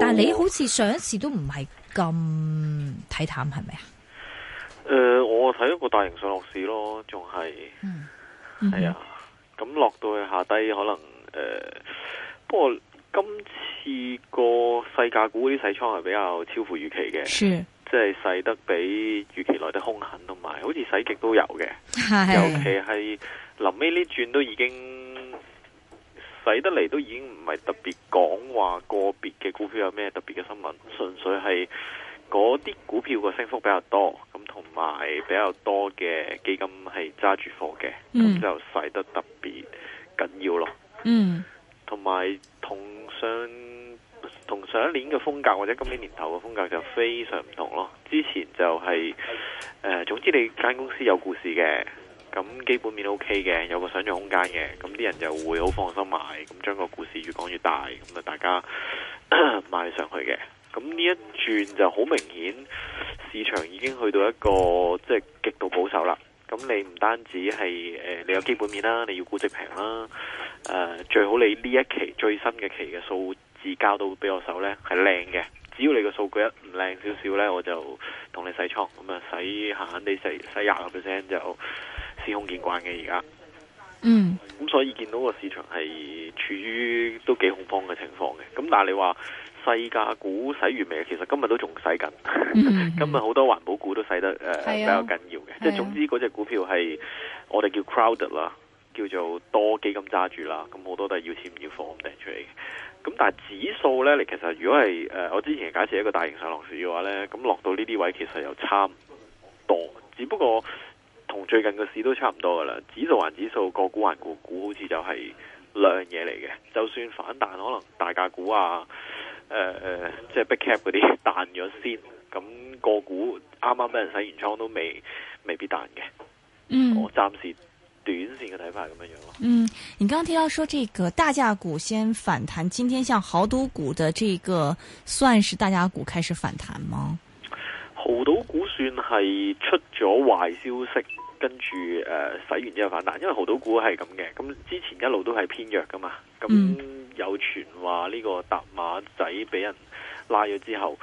但係你好似上一次都唔係咁睇淡，係咪啊？誒、呃，我睇一個大型上落市咯，仲係，係、嗯、啊，咁落到去下低可能誒、呃，不過今次個細價股啲洗倉係比較超乎預期嘅，即係洗得比預期來得凶狠，同埋好似洗極都有嘅，尤其係臨尾呢轉都已經。使得嚟都已經唔係特別講話個別嘅股票有咩特別嘅新聞，純粹係嗰啲股票個升幅比較多，咁同埋比較多嘅基金係揸住貨嘅，咁就使得特別緊要咯。嗯，同埋同上同上一年嘅風格，或者今年年頭嘅風格就非常唔同咯。之前就係、是、誒、呃，總之你間公司有故事嘅。咁基本面 O K 嘅，有個想象空間嘅，咁啲人就會好放心買，咁將個故事越講越大，咁啊大家買 上去嘅。咁呢一轉就好明顯，市場已經去到一個即係極度保守啦。咁你唔單止係、呃、你有基本面啦，你要估值平啦、呃，最好你呢一期最新嘅期嘅數字交到俾我手呢係靚嘅。只要你個數據一唔靚少少呢，我就同你洗倉，咁啊洗狠狠地閒閒地洗洗廿個 percent 就。司空見慣嘅而家，嗯，咁、嗯、所以見到個市場係處於都幾恐慌嘅情況嘅。咁但係你話細價股洗完未？其實今日都仲使緊，今日好多環保股都使得誒、呃啊、比較緊要嘅、啊。即係總之嗰隻股票係我哋叫 crowded 啦，叫做多基金揸住啦。咁好多都係要錢唔要貨咁掟出嚟。嘅。咁但係指數咧，你其實如果係誒、呃、我之前解釋一個大型上落市嘅話咧，咁落到呢啲位其實又差唔多，只不過。同最近嘅市都差唔多噶啦，指數還指數，個股還個股，股好似就係兩樣嘢嚟嘅。就算反彈，可能大價股啊，誒、呃，即係 big cap 嗰啲彈咗先，咁、那個股啱啱俾人洗完倉都未，未必彈嘅。嗯，我暫時短綫嘅睇法係咁樣樣咯。嗯，你剛剛提到說這個大價股先反彈，今天像濠賭股的這個算是大價股開始反彈嗎？濠賭股。算係出咗壞消息，跟住誒、呃，洗完之後反彈，因為濠賭股係咁嘅。咁之前一路都係偏弱噶嘛，咁有傳話呢個達馬仔俾人拉咗之後，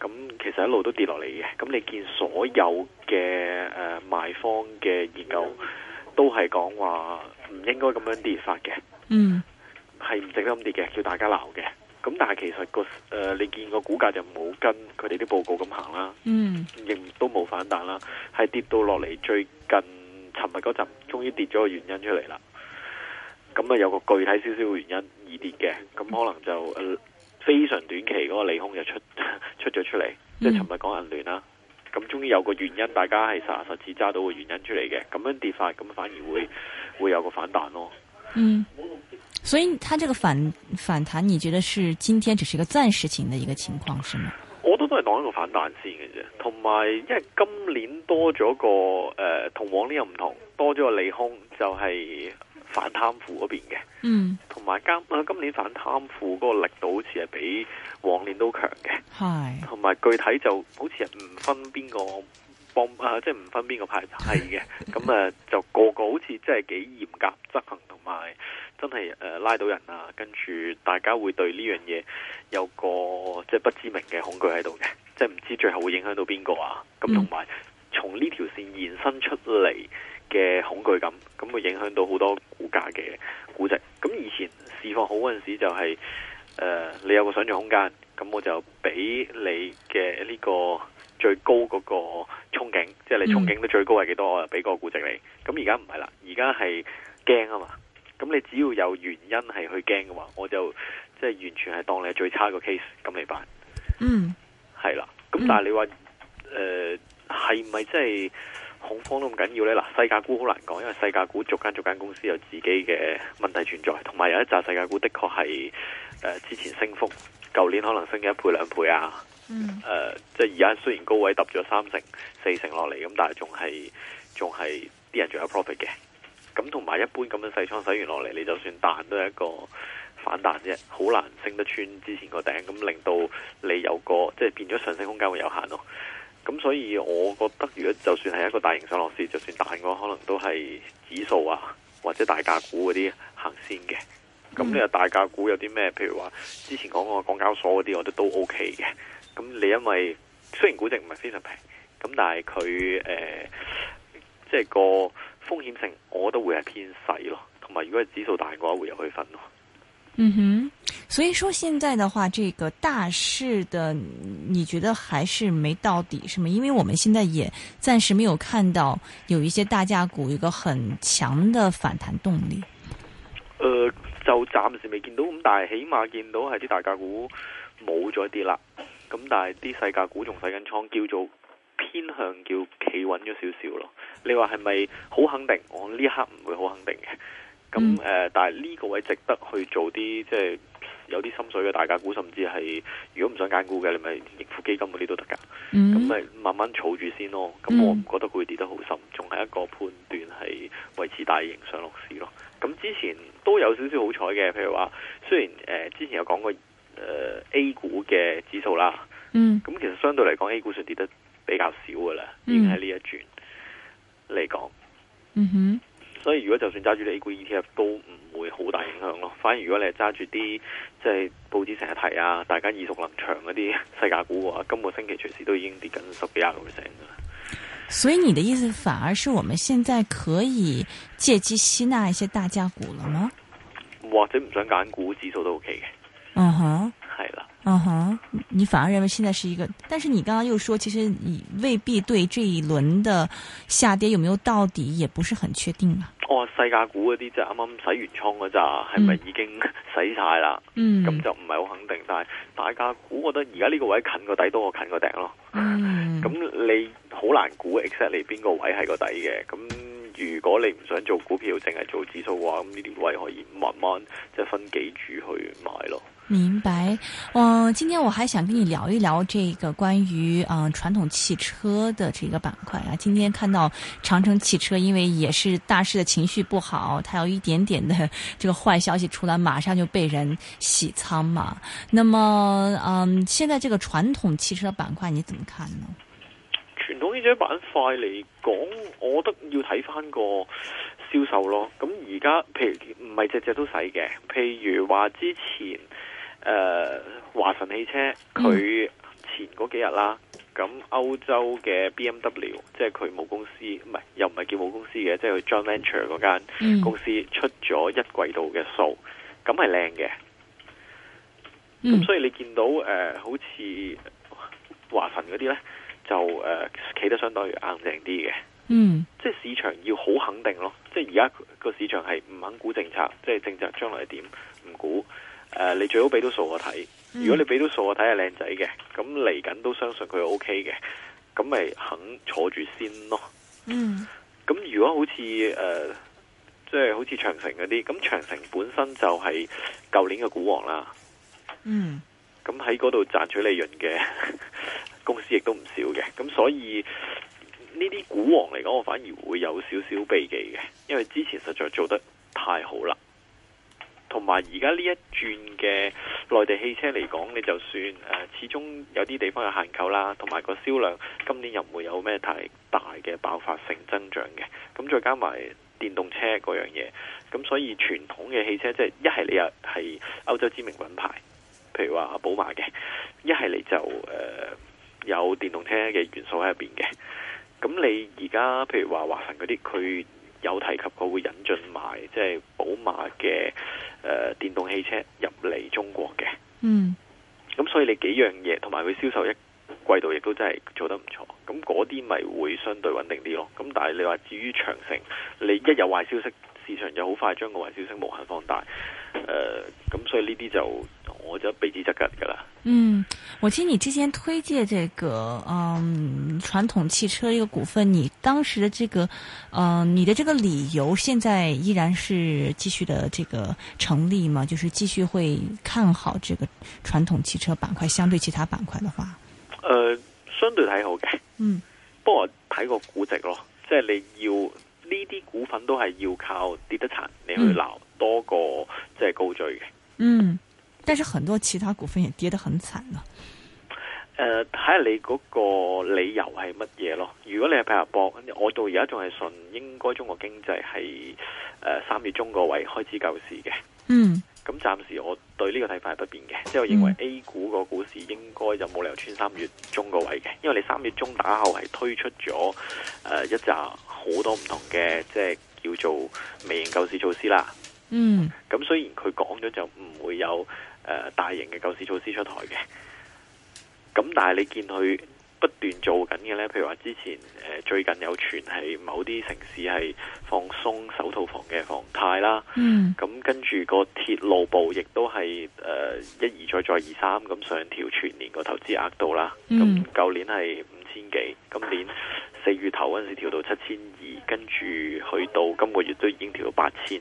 咁其實一路都跌落嚟嘅。咁你見所有嘅誒、呃、賣方嘅研究都係講話唔應該咁樣跌法嘅，嗯，係唔值得咁跌嘅，叫大家鬧嘅。咁、嗯嗯、但係其實、個誒、呃，你見個股價就冇跟佢哋啲報告咁行啦，嗯，亦都冇反彈啦，係跌到落嚟最近陣，尋日嗰陣終於跌咗個原因出嚟啦。咁啊有個具體少少嘅原因而跌嘅，咁可能就、呃、非常短期嗰個利空就出 出咗出嚟，即係尋日講銀聯啦，咁終於有個原因，大家係實牙實齒揸到個原因出嚟嘅，咁樣跌法咁反而會會有個反彈咯。嗯。所以，他這個反反彈，你覺得是今天只是一個暫時性的一個情況，是嗎？我都都係當一個反彈先嘅啫，同埋因為今年多咗個誒，同、呃、往年又唔同，多咗個利空，就係、是、反貪腐嗰邊嘅。嗯，同埋今今年反貪腐嗰個力度好似係比往年都強嘅。係、嗯。同埋具體就好似係唔分邊個。放啊，即係唔分邊個派系嘅，咁 啊就個個好似真係幾嚴格執行，同埋真係誒、呃、拉到人啊，跟住大家會對呢樣嘢有個即係不知名嘅恐懼喺度嘅，即係唔知最後會影響到邊個啊，咁同埋從呢條線延伸出嚟嘅恐懼感，咁會影響到好多股價嘅估值。咁以前市況好嗰陣時就係、是、誒、呃、你有個想象空間，咁我就俾你嘅呢、這個。最高嗰個憧憬，即係你憧憬得最高係幾多，嗯？我啊俾個估值你。咁而家唔係啦，而家係驚啊嘛。咁你只要有原因係去驚嘅話，我就即係、就係、完全係當你係最差個 case，咁嚟辦。嗯，係啦。咁但係你話誒係唔係真係恐慌都咁緊要呢？嗱，細價股好難講，因為細價股逐間逐間公司有自己嘅問題存在，同埋有，有一紮細價股的確係、呃、之前升幅，舊年可能升咗一倍兩倍啊。誒，即係而家雖然高位揼咗三成、四成落嚟，咁但係仲係仲係啲人仲有 profit 嘅。咁同埋一般咁樣細倉洗完落嚟，你就算彈都係一個反彈啫，好難升得穿之前個頂，咁令到你有個即係、就是、變咗上升空間會有限咯、喔。咁所以我覺得，如果就算係一個大型上落市，就算彈嘅，可能都係指數啊或者大價股嗰啲行先嘅。咁呢個大價股有啲咩？譬如話之前講個港交所嗰啲，我覺得都 OK 嘅。你因為雖然估值，唔係非常平，咁但係佢誒，即係個風險性，我都會係偏細咯。同埋，如果係指數大嘅話，我會入去瞓咯。嗯哼，所以說現在的話，這個大市的，你覺得還是沒到底，是嗎？因為我們現在也暫時沒有看到有一些大價股一個很強的反彈動力。誒、呃，就暫時未見到咁，但係起碼見到係啲大價股冇咗啲啦。咁但係啲細價股仲使緊倉，叫做偏向叫企穩咗少少咯。你話係咪好肯定？我呢刻唔會好肯定嘅。咁誒、嗯呃，但係呢個位值得去做啲，即係有啲心水嘅大價股，甚至係如果唔想揀股嘅，你咪盈富基金嗰啲都得噶。咁咪、嗯、慢慢儲住先咯。咁我唔覺得佢會跌得好深，仲係一個判斷係維持大型上落市咯。咁之前都有少少好彩嘅，譬如話，雖然誒、呃、之前有講過。誒、uh，A 股嘅指數啦，嗯，咁其實相對嚟講，A 股算跌得比較少噶啦，已經喺、嗯、呢一轉嚟講，嗯哼，所以如果就算揸住啲 A 股 ETF 都唔會好大影響咯，反而如果你係揸住啲即係報紙成日睇啊，大家耳熟能詳嗰啲細價股嘅話，今個星期隨時都已經跌緊十幾廿個 percent 啦。所以你的意思反而是我們現在可以借機吸納一些大價股了嗎？或者唔想揀股指數都 OK 嘅。嗯哼，係啦。嗯哼，你反而認為現在是一個，但是你剛剛又說，其實你未必對這一輪的下跌有沒有到底，也不是很確定啊。哦，細價股嗰啲就啱啱洗完倉嗰咋，係咪已經洗晒啦？嗯，咁就唔係好肯定。但係大價股，我覺得而家呢個位近個底多過近個頂咯。嗯，咁你好難估，exactly 你邊個位係個底嘅咁。如果你唔想做股票，淨係做指數嘅話，咁呢啲位可以慢慢即係、就是、分幾處去買咯。明白。嗯，今天我還想跟你聊一聊這個關於嗯、呃、傳統汽車的這個板塊啊。今天看到長城汽車，因為也是大市的情緒不好，它有一點點的這個壞消息出來，馬上就被人洗倉嘛。那麼嗯，現在這個傳統汽車板塊你怎麼看呢？總呢隻板塊嚟講，我覺得要睇翻個銷售咯。咁而家，譬如唔係只只都使嘅。譬如話之前，誒華晨汽車佢前嗰幾日啦，咁、嗯、歐洲嘅 BMW，即係佢母公司，唔係又唔係叫母公司嘅，即係佢 joint venture 嗰間公司出咗一季度嘅數，咁係靚嘅。咁、嗯、所以你見到誒、呃，好似華晨嗰啲咧。就誒企、呃、得相當於硬淨啲嘅，嗯，即係市場要好肯定咯。即係而家個市場係唔肯估政策，即係政策將來係點，唔估。誒、呃，你最好俾到數我睇、嗯。如果你俾到數我睇係靚仔嘅，咁嚟緊都相信佢 OK 嘅，咁咪肯坐住先咯。嗯，咁如果好似誒，即、呃、係、就是、好似長城嗰啲，咁長城本身就係舊年嘅股王啦。嗯，咁喺嗰度賺取利潤嘅。嗯 公司亦都唔少嘅，咁所以呢啲股王嚟講，我反而會有少少避忌嘅，因為之前實在做得太好啦。同埋而家呢一轉嘅內地汽車嚟講，你就算誒、呃，始終有啲地方有限購啦，同埋個銷量今年又唔會有咩太大嘅爆發性增長嘅。咁再加埋電動車嗰樣嘢，咁所以傳統嘅汽車即係一係你又係歐洲知名品牌，譬如話寶馬嘅，一係你就誒。呃有電動車嘅元素喺入邊嘅，咁你而家譬如話華晨嗰啲，佢有提及佢會引進埋，即係寶馬嘅誒、呃、電動汽車入嚟中國嘅。嗯，咁所以你幾樣嘢，同埋佢銷售一季度亦都真係做得唔錯，咁嗰啲咪會相對穩定啲咯。咁但係你話至於長城，你一有壞消息。市場又好快將個壞消息無限放大，誒、呃，咁所以呢啲就我就避之則吉噶啦。嗯，我聽你之前推介這個，嗯、呃，傳統汽車一個股份，你當時的這個，嗯、呃，你的這個理由，現在依然是繼續的這個成立嘛？就是繼續會看好這個傳統汽車板塊相對其他板塊的話？誒、呃，相對睇好嘅，嗯，不過睇個估值咯，即係你要。呢啲股份都係要靠跌得慘你去撈、嗯、多過即係高追嘅。嗯，但是很多其他股份也跌得很慘啦。睇、呃、下你嗰個理由係乜嘢咯？如果你係憑下博，我到而家仲係信應該中國經濟係三月中嗰位開始救市嘅。嗯，咁暫時我對呢個睇法係不變嘅、嗯，即係我認為 A 股個股市應該就冇理由穿三月中嗰位嘅，因為你三月中打後係推出咗、呃、一扎。好多唔同嘅，即係叫做微型救市措施啦。嗯，咁雖然佢講咗就唔會有誒、呃、大型嘅救市措施出台嘅，咁但係你見佢不斷做緊嘅咧，譬如話之前誒、呃、最近有傳係某啲城市係放鬆首套房嘅房貸啦。嗯，咁跟住個鐵路部亦都係誒、呃、一而再再而三咁上調全年個投資額度啦。嗯，舊年係五千幾，今年，四月頭嗰陣時調到七千二，跟住去到今個月都已經調到八千，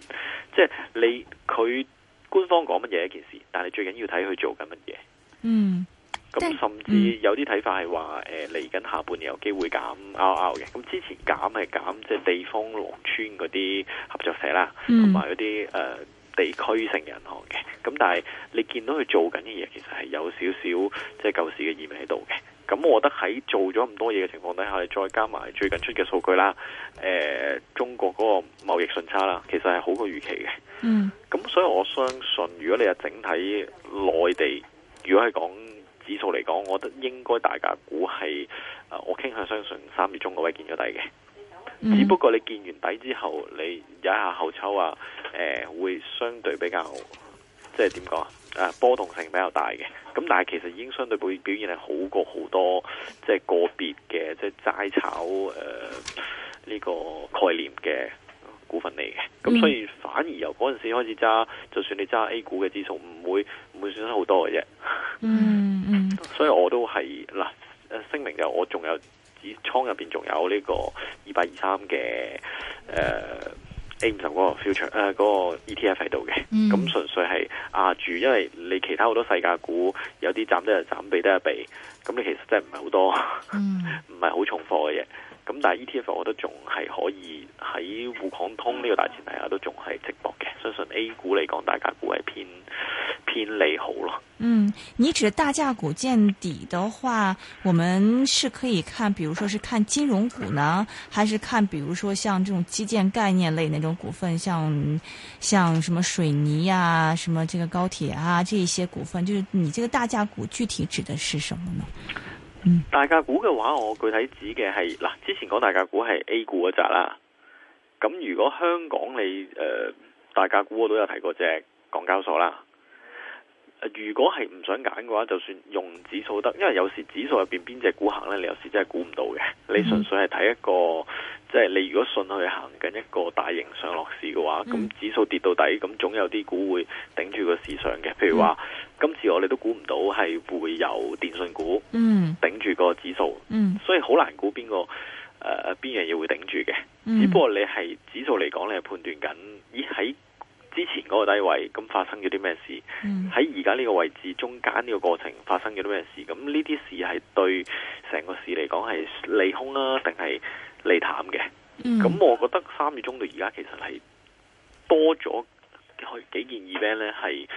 即係你佢官方講乜嘢一件事，但係最緊要睇佢做緊乜嘢。嗯，咁甚至有啲睇法係話，誒嚟緊下半年有機會減 RRR 嘅。咁之前減係減即係地方農村嗰啲合作社啦，同埋嗰啲誒地區性銀行嘅。咁但係你見到佢做緊嘅嘢，其實係有少少即係救市嘅意味喺度嘅。咁，我覺得喺做咗咁多嘢嘅情，情況底下，再加埋最近出嘅數據啦、呃，中國嗰個貿易順差啦，其實係好過預期嘅。嗯。咁所以，我相信如果你係整體內地，如果係講指數嚟講，我覺得應該大家估大價股係，我傾向相信三月中嗰位見咗底嘅、嗯。只不過你見完底之後，你有一下後抽啊，誒、呃，會相對比較，即係點講啊？誒，波動性比較大嘅，咁但係其實已經相對表現係好過好多，即係個別嘅，即係齋炒誒呢個概念嘅股份嚟嘅，咁所以反而由嗰陣時開始揸，就算你揸 A 股嘅指數，唔會唔會損失好多嘅啫。嗯，嗯，所以我都係嗱，誒，聲明就我仲有，指倉入邊仲有呢個二百二三嘅誒。呃 A 五十嗰個 future，誒、呃、嗰、那個 ETF 喺度嘅，咁、嗯、純粹係壓、啊、住，因為你其他好多細價股有啲斬得一斬，避得一避，咁你其實真係唔係好多，唔係好重貨嘅嘢。咁但係 E T F，我覺得仲係可以喺滬港通呢個大前提下都仲係值博嘅。相信 A 股嚟講，大價股係偏偏利好咯。嗯，你指大價股見底的話，我們是可以看，比如說是看金融股呢，還是看，比如說像這種基建概念類那種股份，像像什麼水泥啊，什麼這個高鐵啊，這一些股份，就是你這個大價股，具體指的是什麼呢？大價股嘅話，我具體指嘅係嗱，之前講大價股係 A 股嗰集啦。咁如果香港你誒，大價股我都有提過隻港交所啦。如果係唔想揀嘅話，就算用指數得，因為有時指數入邊邊隻股行呢？你有時真係估唔到嘅。你純粹係睇一個，即、嗯、係、就是、你如果信去行緊一個大型上落市嘅話，咁、嗯、指數跌到底，咁總有啲股會頂住個市場嘅。譬如話、嗯、今次我哋都估唔到係會有電信股頂住個指數、嗯、所以好難估邊個誒邊樣嘢會頂住嘅。只不過你係指數嚟講，你係判斷緊咦喺。之前嗰個低位，咁發生咗啲咩事？喺而家呢個位置中間呢個過程發生咗啲咩事？咁呢啲事係對成個市嚟講係利空啦、啊，定係利淡嘅？咁、嗯、我覺得三月中到而家其實係多咗去幾件 event 咧，係誒、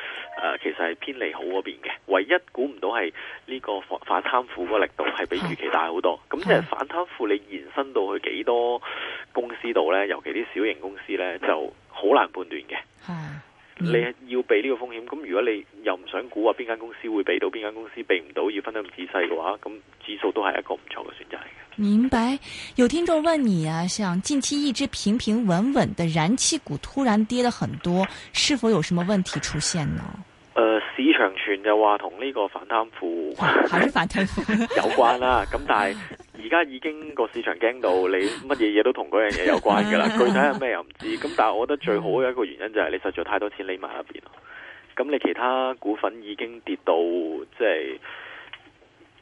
呃、其實係偏利好嗰邊嘅。唯一估唔到係呢個反貪反貪腐嗰個力度係比預期大好多。咁即係反貪腐，你延伸到去幾多公司度咧？尤其啲小型公司咧就。好難判斷嘅，嗯，你要避呢個風險。咁如果你又唔想估話邊間公司會避到，邊間公司避唔到，要分得咁仔細嘅話，咁指數都係一個唔錯嘅選擇嚟嘅。明白，有聽眾問你啊，像近期一支平平穩穩的燃氣股突然跌咗很多，是否有什麼問題出現呢？誒、呃，市場傳就話同呢個反貪腐反， 還是反貪腐 有關啦、啊。咁但係。而家已經個市場驚到你乜嘢嘢都同嗰樣嘢有關㗎啦， 具體係咩又唔知。咁但係我覺得最好嘅一個原因就係你實在太多錢匿埋一邊咯。咁你其他股份已經跌到即係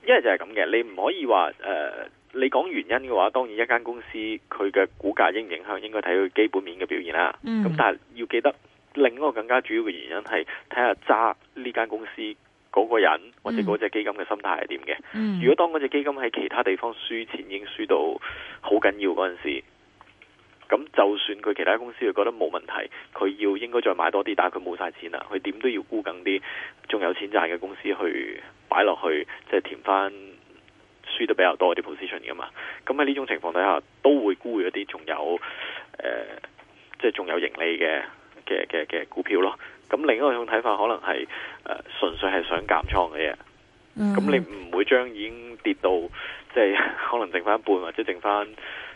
一係就係咁嘅，你唔可以話誒、呃，你講原因嘅話，當然一間公司佢嘅股價應唔影響應該睇佢基本面嘅表現啦。咁、嗯、但係要記得另一個更加主要嘅原因係睇下揸呢間公司。嗰、那個人或者嗰隻基金嘅心態係點嘅？如果當嗰隻基金喺其他地方輸錢已經輸到好緊要嗰陣時，咁就算佢其他公司佢覺得冇問題，佢要應該再買多啲，但係佢冇曬錢啦，佢點都要沽緊啲仲有錢賺嘅公司去擺落去，即、就、係、是、填翻輸得比較多啲 position 噶嘛。咁喺呢種情況底下，都會沽一啲仲有誒，即係仲有盈利嘅嘅嘅嘅股票咯。咁另外一種睇法可能係誒、呃、純粹係想減倉嘅嘢，咁、mm -hmm. 你唔會將已經跌到即係、就是、可能剩翻一半或者剩翻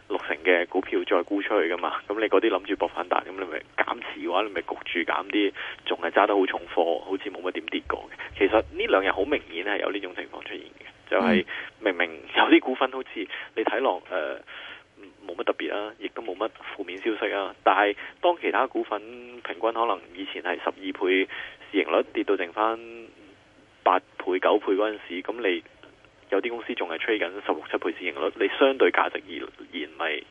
六成嘅股票再沽出去噶嘛？咁你嗰啲諗住博反彈，咁你咪減,你減持嘅話，你咪焗住減啲，仲係揸得好重貨，好似冇乜點跌過嘅。其實呢兩日好明顯係有呢種情況出現嘅，就係、是、明明有啲股份好似你睇落誒。呃乜特別啊，亦都冇乜負面消息啊。但係當其他股份平均可能以前係十二倍市盈率跌到剩翻八倍、九倍嗰陣時，咁你有啲公司仲係吹緊十六七倍市盈率，你相對價值而言咪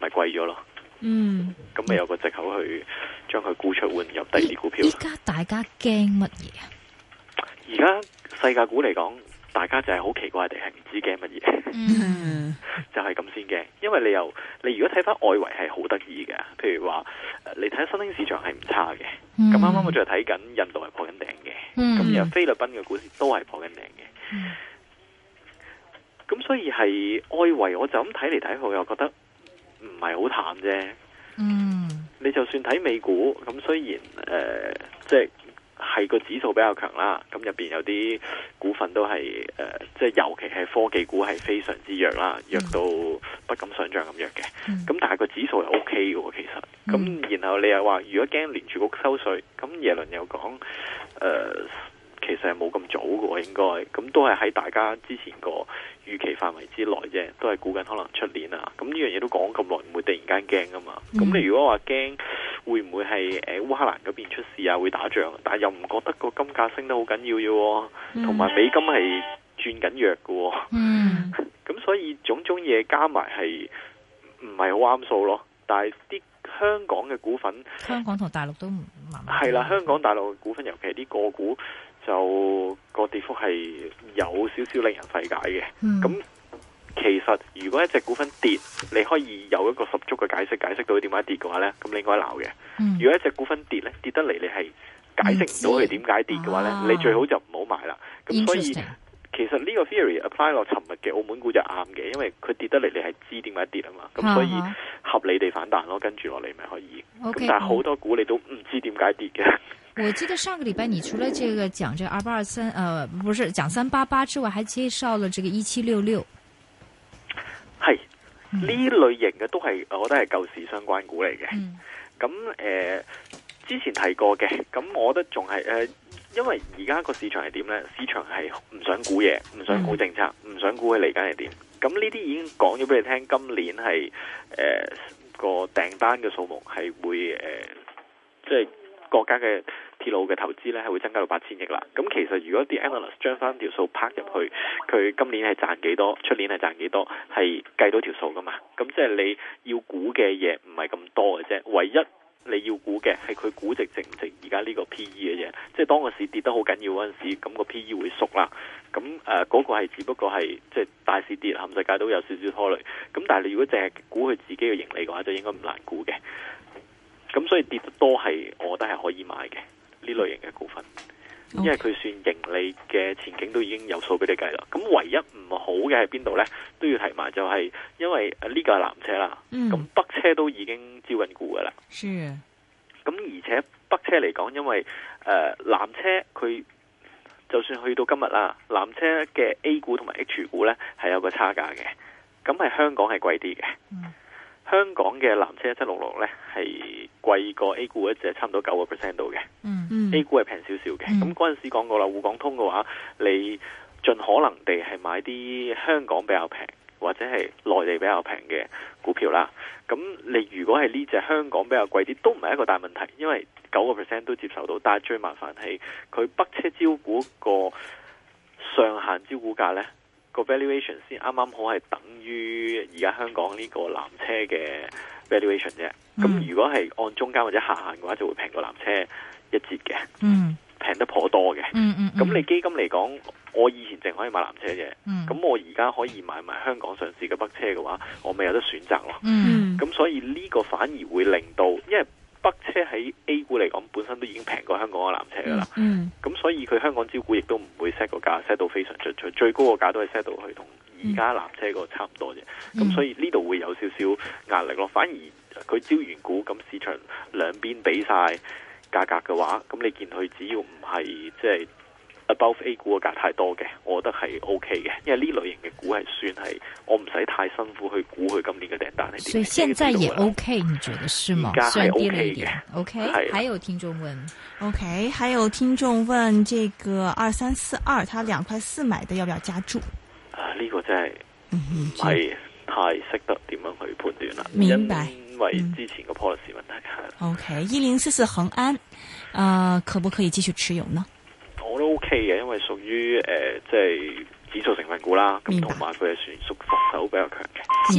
咪貴咗咯。嗯，咁咪有一個藉口去將佢沽出換入第二啲股票。而家大家驚乜嘢啊？而家細價股嚟講。大家就係好奇怪地，係唔知驚乜嘢， 就係咁先嘅。因為你又你如果睇翻外圍係好得意嘅，譬如話你睇新興市場係唔差嘅。咁啱啱我仲係睇緊印度係破緊頂嘅，咁、嗯、又菲律賓嘅股市都係破緊頂嘅。咁、嗯、所以係外圍，我就咁睇嚟睇去又覺得唔係好淡啫、嗯。你就算睇美股，咁雖然誒、呃，即係。係個指數比較強啦，咁入邊有啲股份都係誒，即、呃、係尤其係科技股係非常之弱啦，弱到不敢想像咁弱嘅。咁、嗯、但係個指數係 O K 嘅，其實咁、嗯、然後你又話如果驚聯儲局收稅，咁耶倫又講誒、呃，其實係冇咁早嘅，應該咁都係喺大家之前個預期範圍之內啫，都係估緊可能出年啊。咁呢樣嘢都講咁耐，唔會突然間驚噶嘛。咁你如果話驚？會唔會係誒烏克蘭嗰邊出事啊？會打仗，但係又唔覺得個金價升得好緊要要，同埋美金係轉緊弱嘅。嗯，咁、嗯、所以種種嘢加埋係唔係好啱數咯？但係啲香港嘅股份，香港同大陸都唔係。係啦、啊，香港大陸嘅股份，尤其係啲個股，就個跌幅係有少少令人費解嘅。嗯。其實如果一隻股份跌，你可以有一個十足嘅解釋，解釋到佢點解跌嘅話呢？咁你應該鬧嘅、嗯。如果一隻股份跌呢，跌得嚟你係解釋唔到佢點解跌嘅話呢、啊，你最好就唔好買啦。咁、啊、所以其實呢個 theory apply 落尋日嘅澳門股就啱嘅，因為佢跌得嚟你係知點解跌啊嘛。咁、啊啊、所以合理地反彈咯，跟住落嚟咪可以。Okay, 嗯、但係好多股你都唔知點解跌嘅。我記得上個禮拜你除咗這個講這二八二三，呃，不是講三八八之外，還介紹了這個一七六六。係呢類型嘅都係，我覺得係舊事相關股嚟嘅。咁誒、呃，之前提過嘅，咁我覺得仲係誒，因為而家個市場係點呢？市場係唔想估嘢，唔想估政策，唔想估佢嚟緊係點。咁呢啲已經講咗俾你聽，今年係誒、呃、個訂單嘅數目係會誒，即、呃、係、就是、國家嘅。鐵路嘅投資咧係會增加到八千億啦。咁、嗯、其實如果啲 analyst 將翻條數拍入去，佢今年係賺幾多，出年係賺幾多，係計到條數噶嘛。咁、嗯、即係你要估嘅嘢唔係咁多嘅啫。唯一你要估嘅係佢估值值唔值而家呢個 P E 嘅嘢。即係當個市跌得好緊要嗰陣時，咁個 P E 會縮啦。咁誒嗰個係只不過係即係大市跌，冚世界都有少少拖累。咁、嗯、但係你如果淨係估佢自己嘅盈利嘅話，就應該唔難估嘅。咁、嗯、所以跌得多係，我覺得係可以買嘅。呢類型嘅股份，因為佢算盈利嘅前景都已經有數俾你計啦。咁唯一唔好嘅係邊度呢？都要提埋就係，因為呢個係南車啦。咁、嗯、北車都已經招緊股噶啦。咁而且北車嚟講，因為誒南、呃、車佢就算去到今日啦，南車嘅 A 股同埋 H 股呢係有個差價嘅，咁係香港係貴啲嘅。嗯香港嘅南車一七六六咧，係貴過 A 股一隻，差唔多九個 percent 到嘅。嗯、mm -hmm. A 股係平少少嘅。咁嗰陣時講過啦，滬港通嘅話，你盡可能地係買啲香港比較平或者係內地比較平嘅股票啦。咁你如果係呢隻香港比較貴啲，都唔係一個大問題，因為九個 percent 都接受到。但係最麻煩係佢北車招股個上限招股價咧。個 valuation 先啱啱好係等於而家香港呢個南車嘅 valuation 啫。咁如果係按中間或者下限嘅話，就會平過南車一折嘅，平、嗯、得頗多嘅。咁、嗯嗯嗯、你基金嚟講，我以前淨可以買南車啫。咁、嗯、我而家可以買埋香港上市嘅北車嘅話，我咪有得選擇咯。咁、嗯、所以呢個反而會令到，因為。北車喺 A 股嚟講，本身都已經平過香港嘅南車啦。咁、嗯嗯、所以佢香港招股亦都唔會 set 個價 set 到非常出，最高個價都係 set 到去同而家南車個差唔多啫。咁、嗯、所以呢度會有少少壓力咯。反而佢招完股，咁市場兩邊比晒價格嘅話，咁你見佢只要唔係即係。就是 above A 股嘅價太多嘅，我覺得係 O K 嘅，因為呢類型嘅股係算係我唔使太辛苦去估佢今年嘅訂單呢啲。所以現在也 O、OK, K，你覺得是嗎？是 OK、雖然跌了一點，O、okay? K。還有聽眾問，O、okay, K，還有聽眾問，這個二三四二，他兩塊四買的，要不要加注？啊，呢、這個真係唔係太識得點樣去判斷啦。明白。因為之前嘅 policy 問題。O K，一零四四恒安，啊、呃，可不可以繼續持有呢？都 OK 嘅，因為屬於誒，即係指數成分股啦，咁同埋佢嘅算係防守比較強嘅。